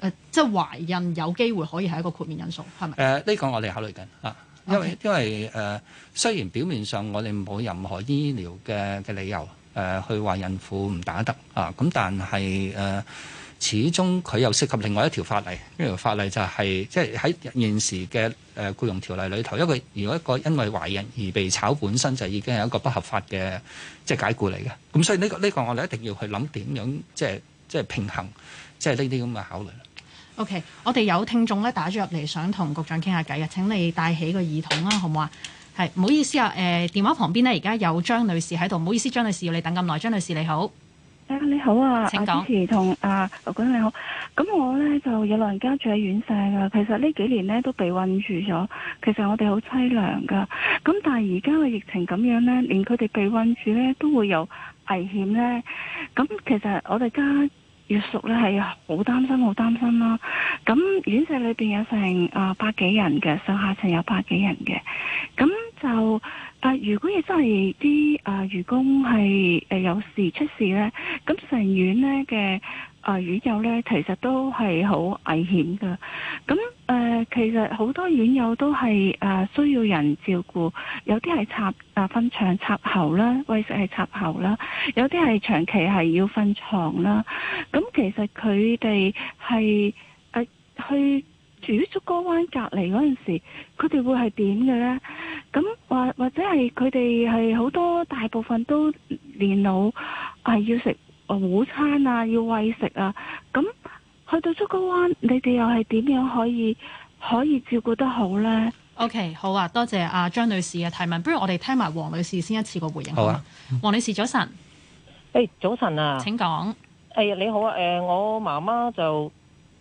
呃，即係懷孕有機會可以係一個豁免因素，係咪？誒呢、呃這個我哋考慮緊啊，因為 Okay. 因為誒、呃，雖然表面上我哋冇任何醫療嘅嘅理由誒、呃，去話孕婦唔打得啊，咁但係誒。呃始終佢又涉及另外一條法例，呢條法例就係、是、即係喺現時嘅誒僱傭條例裏頭，因為如果一個因為懷孕而被炒，本身就已經係一個不合法嘅即係解僱嚟嘅。咁所以呢、呢個呢、呢個我哋一定要去諗點樣，即係即係平衡，即係呢啲咁嘅考慮。OK，我哋有聽眾咧打咗入嚟，想同局長傾下偈嘅。請你帶起個耳筒啦，好唔好啊？係唔好意思啊，誒電話旁邊呢，而家有張女士喺度，唔好意思，張、呃、女，女士要你等咁耐。張女士你好。你好啊，阿主持同阿羅君，你好，咁我呢，就有老人家住喺院舍噶，其實呢幾年呢，都被困住咗，其實我哋好凄涼噶，咁但係而家嘅疫情咁樣呢，連佢哋被困住呢，都會有危險呢。咁其實我哋家越屬呢，係好擔心，好擔心啦，咁院舍裏面有成啊、呃、百幾人嘅，上下層有百幾人嘅，咁。就啊，如果亦真係啲啊，員工係誒有事出事咧，咁成院咧嘅啊院友咧，其實都係好危險噶。咁誒、呃，其實好多院友都係啊需要人照顧，有啲係插啊瞓牆插喉啦，喂食係插喉啦，有啲係長期係要瞓牀啦。咁其實佢哋係誒去。住喺竹篙灣隔離嗰陣時，佢哋會係點嘅呢？咁或或者係佢哋係好多大部分都年老，係、啊、要食午餐啊，要餵食啊。咁去到竹篙灣，你哋又係點樣可以可以照顧得好呢？OK，好啊，多謝阿張女士嘅提問。不如我哋聽埋黃女士先一次個回應。好啊，黃女士早晨。誒，hey, 早晨啊！請講。誒，hey, 你好啊！誒，我媽媽就。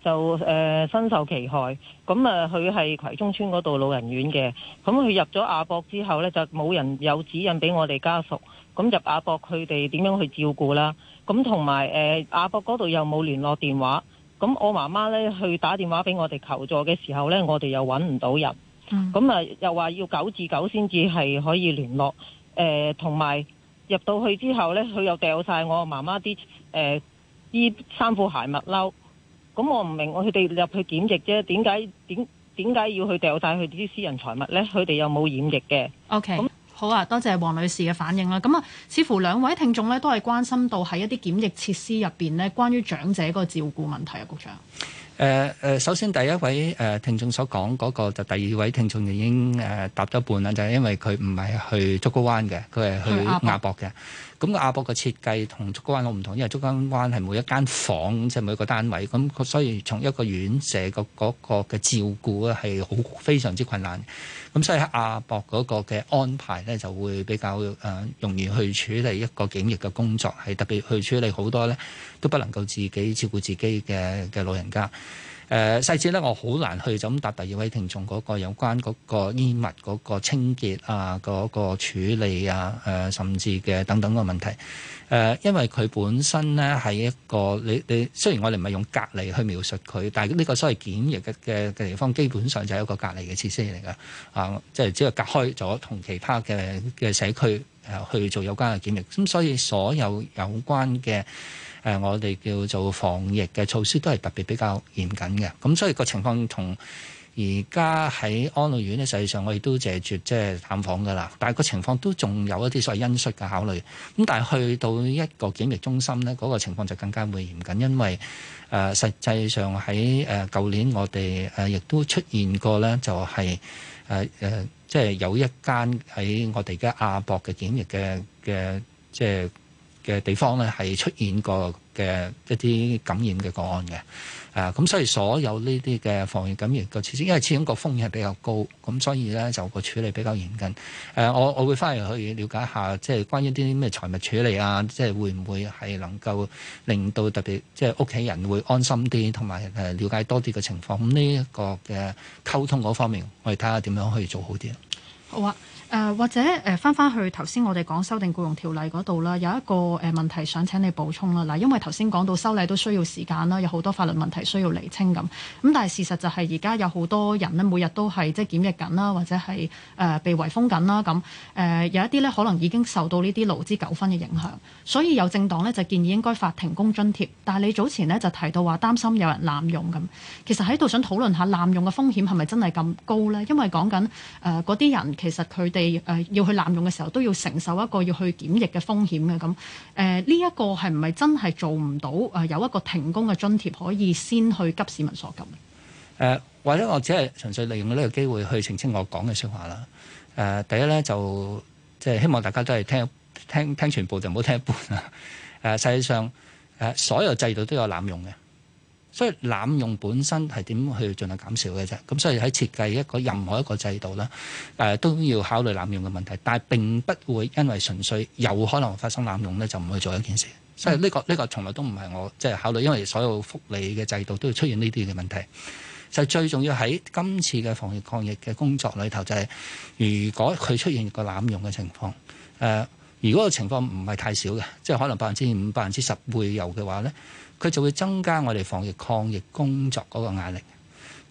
就誒、呃、身受其害，咁啊佢係葵涌村嗰度老人院嘅，咁佢入咗亞博之後呢，就冇人有指引俾我哋家屬，咁入亞博佢哋點樣去照顧啦？咁同埋誒亞博嗰度又冇聯絡電話。咁我媽媽呢，去打電話俾我哋求助嘅時候呢，我哋又揾唔到人，咁啊又話要九至九先至係可以聯絡，誒同埋入到去之後呢，佢又掉晒我媽媽啲誒、呃、衣衫褲鞋襪褸。咁我唔明，我佢哋入去檢疫啫，點解點解要去掉曬佢啲私人財物咧？佢哋有冇染疫嘅？O K，咁好啊，多謝黃女士嘅反應啦。咁啊，似乎兩位聽眾咧都係關心到喺一啲檢疫設施入面呢，關於長者個照顧問題啊，局長。呃、首先第一位誒、呃、聽眾所講嗰，那個，就第二位聽眾已經，呃、答咗一半啦，就係，是、因為佢唔係去竹篙灣嘅，佢係去亞博嘅。咁亞博嘅設計同竹篙灣好唔同，因為竹篙灣係每一間房即係、就是、每一個單位，咁所以從一個院舍的個個嘅照顧咧係好非常之困難。咁所以喺亞博嗰個嘅安排呢，就會比較誒容易去處理一個檢疫嘅工作，係特別去處理好多呢，都不能夠自己照顧自己嘅嘅老人家。誒、呃、細節咧，我好難去就咁答第二位聽眾嗰個有關嗰個衣物嗰個清潔啊、嗰、嗰個處理啊、呃、甚至嘅等等個問題。誒、呃，因為佢本身呢係一個你你雖然我哋唔係用隔離去描述佢，但呢個所謂檢疫嘅嘅地方，基本上就係一個隔離嘅設施嚟噶。啊、呃，即係只係隔開咗同其他嘅嘅社區去做有關嘅檢疫。咁所以所有有關嘅。誒，我哋叫做防疫嘅措施都係特別比較嚴謹嘅，咁所以個情況同而家喺安老院咧，實際上我亦都謝絕即係探訪噶啦。但係個情況都仲有一啲所謂因素嘅考慮。咁但係去到一個檢疫中心咧，嗰個情況就更加會嚴謹，因為誒實際上喺誒舊年我哋誒亦都出現過咧，就係誒誒，即係有一間喺我哋嘅亞博嘅檢疫嘅嘅即係。嘅地方咧，係出現過嘅一啲感染嘅個案嘅。啊咁所以所有呢啲嘅防疫感染個措施，因為始終個風險係比較高，咁所以咧就個處理比較嚴謹，啊。我我會翻嚟去，去了解下，即係關於啲咩財物處理啊，即係會唔會係能夠令到特別即係屋企人會安心啲，同埋誒了解多啲嘅情況。咁呢一個嘅溝通嗰方面，我哋睇下點樣可以做好啲。好啊，誒、呃、或者誒翻翻去頭先我哋講修訂僱傭條例嗰度啦，有一個誒、呃、問題想請你補充啦。嗱、呃，因為頭先講到修例都需要時間啦，有好多法律問題需要釐清咁。咁但係事實就係而家有好多人咧，每日都係即係檢疫緊啦，或者係誒、呃、被圍封緊啦咁。誒、呃、有一啲呢，可能已經受到呢啲勞資糾紛嘅影響，所以有政黨呢，就建議應該發停工津貼。但係你早前呢，就提到話擔心有人濫用咁，其實喺度想討論下濫用嘅風險係咪真係咁高呢？因為講緊誒嗰啲人。其實佢哋誒要去濫用嘅時候，都要承受一個要去檢疫嘅風險嘅咁。誒，呢、呃、一、這個係唔係真係做唔到誒、呃？有一個停工嘅津貼可以先去急市民所急誒、呃，或者我只係純粹利用呢個機會去澄清我講嘅說的話啦。誒、呃，第一呢就即係、就是、希望大家都係聽聽聽全部，就唔好聽一半啊。誒，實際上誒，所有制度都有濫用嘅。所以濫用本身係點去盡量減少嘅啫，咁所以喺設計一個任何一個制度呢，呃、都要考慮濫用嘅問題，但係並不會因為純粹有可能發生濫用呢，就唔去做一件事。所以呢、呢個呢、呢個從來都唔係我即係、就係、考慮，因為所有福利嘅制度都會出現呢啲嘅問題。就最重要喺今次嘅防疫抗疫嘅工作裏頭、就係，就係如果佢出現一個濫用嘅情況，呃、如果個情況唔係太少嘅，即、就、係、係、可能百分之五、百分之十會有嘅話呢。佢就會增加我哋防疫抗疫工作嗰個壓力。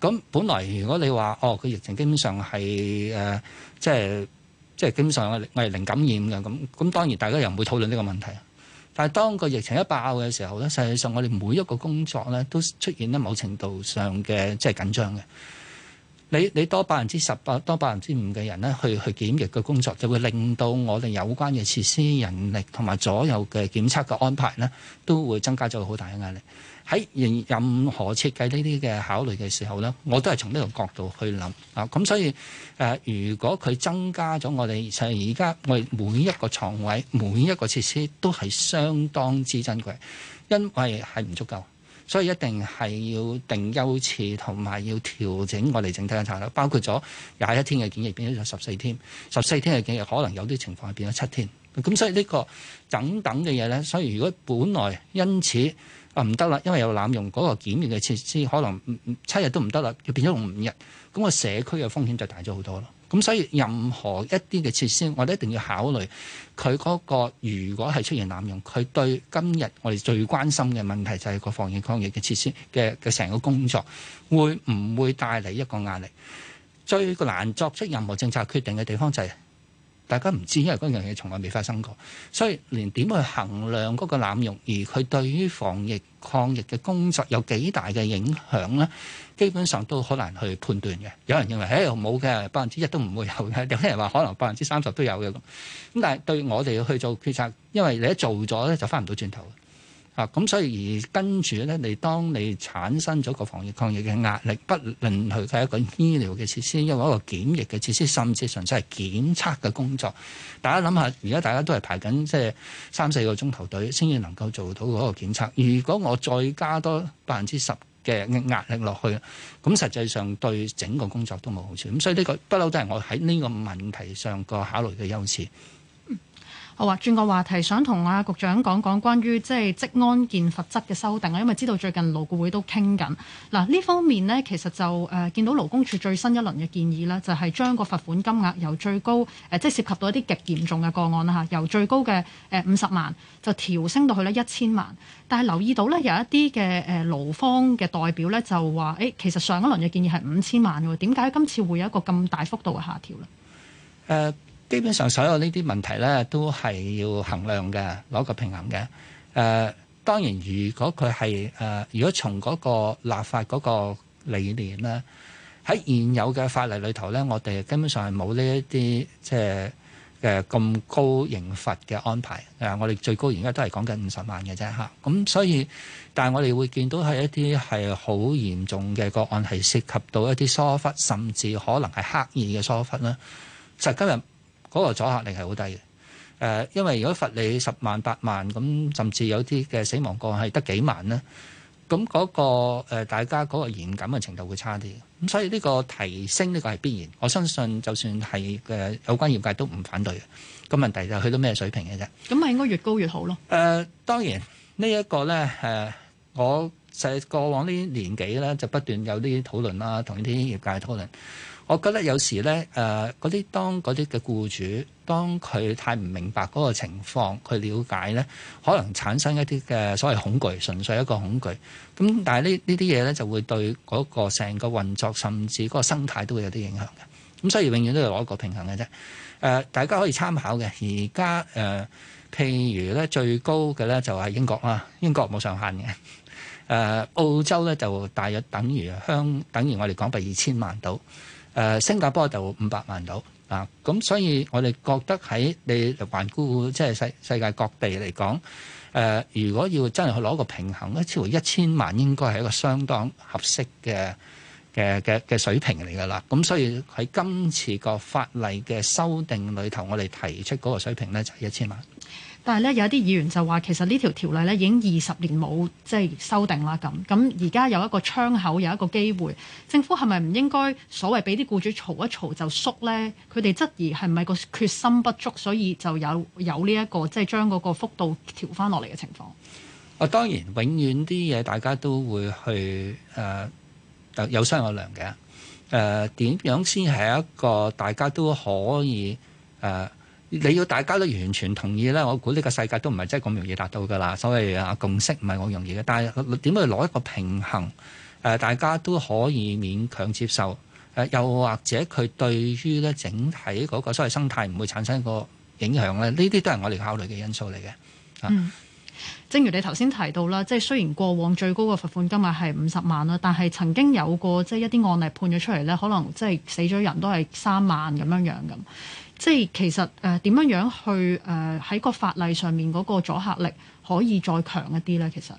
咁本來如果你話哦，佢疫情基本上係、呃、即係即係基本上我哋係零感染嘅。咁咁當然大家又唔會討論呢個問題。但係當個疫情一爆嘅時候咧，實際上我哋每一個工作咧都出現咗某程度上嘅即係緊張嘅。你你多百分之十百多百分之五嘅人呢，去去檢疫嘅工作就會令到我哋有關嘅設施人力同埋所有嘅檢測嘅安排呢，都會增加咗好大嘅壓力。喺任任何設計呢啲嘅考慮嘅時候呢，我都係從呢個角度去諗。啊。咁所以，啊，如果佢增加咗我哋，而家我哋每一個床位、每一個設施都係相當之珍貴，因為係唔足夠。所以一定係要定優次，同埋要調整我哋整體嘅策略，包括咗廿一天嘅檢疫變咗十四天，十四天嘅檢疫可能有啲情況係變咗七天。咁所以呢個等等嘅嘢呢，所以如果本來因此啊唔得啦，因為有濫用嗰個檢疫嘅設施，可能七日都唔得啦，要變咗五日，咁個社區嘅風險就大咗好多咯。咁所以任何一啲嘅設施，我哋一定要考慮佢嗰個如果係出現濫用，佢對今日我哋最關心嘅問題就係個防疫抗疫嘅設施嘅嘅成個工作，會唔會帶嚟一個壓力？最難作出任何政策決定嘅地方就係、是。大家唔知，因為嗰樣嘢從來未發生過，所以連點去衡量嗰個濫用，而佢對於防疫抗疫嘅工作有幾大嘅影響咧，基本上都好難去判斷嘅。有人認為誒冇嘅百分之一都唔會有嘅，有啲人話可能百分之三十都有嘅咁。咁但係對我哋去做決策，因為你一做咗咧就返唔到轉頭。啊，咁所以而跟住咧，你當你產生咗個防疫抗疫嘅壓力，不能去睇一個醫療嘅設施，因為一個檢疫嘅設施，甚至純粹係檢測嘅工作。大家諗下，而家大家都係排緊即係三四個鐘頭隊，先至能夠做到嗰個檢測。如果我再加多百分之十嘅壓力落去，咁實際上對整個工作都冇好處。咁所以呢個不嬲都係我喺呢個問題上個考慮嘅優先。我話轉個話題，想同阿局長講講關於即係職安健罰則嘅修訂啊，因為知道最近勞顧會都傾緊嗱呢方面呢，其實就誒、呃、見到勞工處最新一輪嘅建議咧，就係、是、將個罰款金額由最高誒、呃、即係涉及到一啲極嚴重嘅個案啦嚇、呃，由最高嘅誒五十萬就調升到去咧一千萬，但係留意到呢，有一啲嘅誒勞方嘅代表呢，就話誒其實上一輪嘅建議係五千萬嘅喎，點解今次會有一個咁大幅度嘅下調呢？Uh」誒。基本上所有呢啲問題咧，都係要衡量嘅，攞個平衡嘅。誒、呃，當然如果佢係誒，如果從嗰個立法嗰個理念咧，喺現有嘅法例裏頭咧，我哋根本上係冇呢一啲即係誒咁高刑罰嘅安排。誒，我哋最高現在是而家都係講緊五十萬嘅啫。吓。咁所以但係我哋會見到係一啲係好嚴重嘅個案，係涉及到一啲疏忽，甚至可能係刻意嘅疏忽啦。就今日。嗰個阻嚇力係好低嘅，誒、呃，因為如果罰你十萬、八萬，咁甚至有啲嘅死亡個案係得幾萬咧，咁嗰、那個、呃、大家嗰個嚴謹嘅程度會差啲，咁所以呢個提升呢個係必然，我相信就算係嘅、呃、有關業界都唔反對嘅，咁問題就去到咩水平嘅啫。咁咪應該越高越好咯。誒、呃，當然呢一、這個呢，誒、呃，我實過往呢年幾呢，就不斷有啲討論啦，同呢啲業界討論。我覺得有時呢，誒、嗰啲當嗰啲嘅僱主，當佢太唔明白嗰個情況，佢了解呢，可能產生一啲嘅所謂恐懼，純粹一個恐懼咁。但係呢呢啲嘢呢，就會對嗰個成個運作，甚至嗰個生態都會有啲影響嘅。咁所以永遠都要攞一個平衡嘅啫。呃，大家可以參考嘅。而家誒，譬如呢，最高嘅呢就係英國啦，英國冇上限嘅。呃，澳洲呢就大約等於香等於我哋港幣二千萬到。誒新加坡就五百萬到啊，咁所以我哋覺得喺你環顧即係世世界各地嚟講，誒、呃、如果要真係去攞個平衡，超過一千萬應該係一個相當合適嘅嘅嘅嘅水平嚟㗎啦。咁所以喺今次個法例嘅修訂裏頭，我哋提出嗰個水平咧就係一千萬。但係咧，有一啲議員就話，其實呢條條例呢已經二十年冇即係修訂啦。咁咁而家有一個窗口，有一個機會，政府係咪唔應該所謂俾啲僱主嘈一嘈就縮呢？佢哋質疑係咪個決心不足，所以就有有呢、這、一個即係、就是、將嗰個幅度調翻落嚟嘅情況？啊，當然，永遠啲嘢大家都會去誒、啊、有商有量嘅。誒、啊、點樣先係一個大家都可以誒？啊你要大家都完全同意咧，我估呢個世界都唔係真係咁容易達到噶啦。所謂啊共識唔係好容易嘅，但係點樣去攞一個平衡？誒、呃，大家都可以勉強接受誒、呃，又或者佢對於咧整體嗰個所謂生態唔會產生一個影響咧？呢啲都係我哋考慮嘅因素嚟嘅。啊、嗯，正如你頭先提到啦，即係雖然過往最高嘅罰款金額係五十萬啦，但係曾經有過即係一啲案例判咗出嚟咧，可能即係死咗人都係三萬咁樣樣咁。即係其實誒點樣樣去誒喺個法例上面嗰個阻嚇力可以再強一啲咧，其實。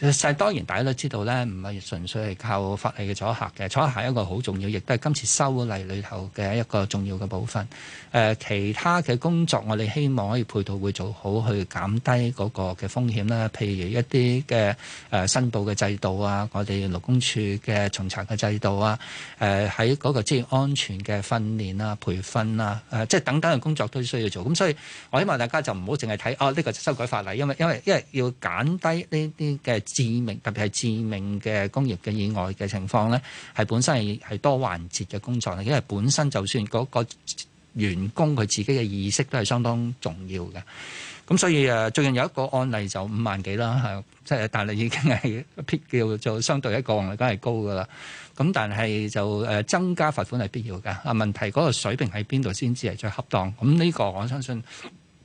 其實當然大家都知道咧，唔係純粹係靠法例嘅阻嚇嘅，阻嚇一個好重要，亦都係今次修例裏頭嘅一個重要嘅部分。誒、呃，其他嘅工作我哋希望可以配套會做好，去減低嗰個嘅風險啦。譬如一啲嘅誒申報嘅制度啊，我哋勞工處嘅巡查嘅制度啊，誒喺嗰個職業安全嘅訓練啊、培訓啊，誒、呃、即係等等嘅工作都需要做。咁所以我希望大家就唔好淨係睇哦呢個修改法例，因為因為因為要減低呢啲嘅。致命特別係致命嘅工業嘅意外嘅情況咧，係本身係係多環節嘅工作。因為本身就算嗰個員工佢自己嘅意識都係相當重要嘅。咁所以誒、啊，最近有一個案例就五萬幾啦，即係但係已經係撇叫做相對一個話嚟講係高㗎啦。咁但係就誒增加罰款係必要㗎。啊問題嗰個水平喺邊度先至係最恰當？咁呢個我相信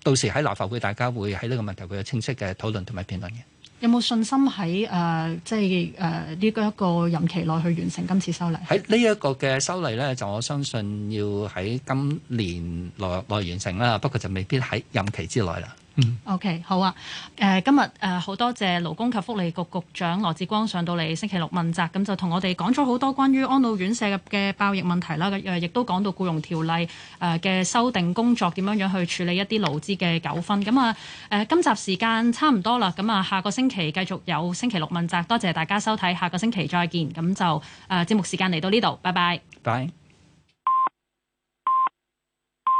到時喺立法會大家會喺呢個問題會有清晰嘅討論同埋辯論嘅。有冇信心喺誒，即係誒呢個一個任期內去完成今次修例？喺呢一個嘅修例咧，就我相信要喺今年內內完成啦，不過就未必喺任期之內啦。嗯，OK，好啊。誒、呃，今日誒好多謝勞工及福利局局長羅致光上到嚟星期六問責，咁就同我哋講咗好多關於安老院舍嘅爆疫問題啦。誒、呃，亦都講到僱傭條例誒嘅、呃、修訂工作點樣樣去處理一啲勞資嘅糾紛。咁啊，誒、呃、今集時間差唔多啦。咁啊，下個星期繼續有星期六問責。多謝大家收睇，下個星期再見。咁就誒、呃、節目時間嚟到呢度，拜拜，拜。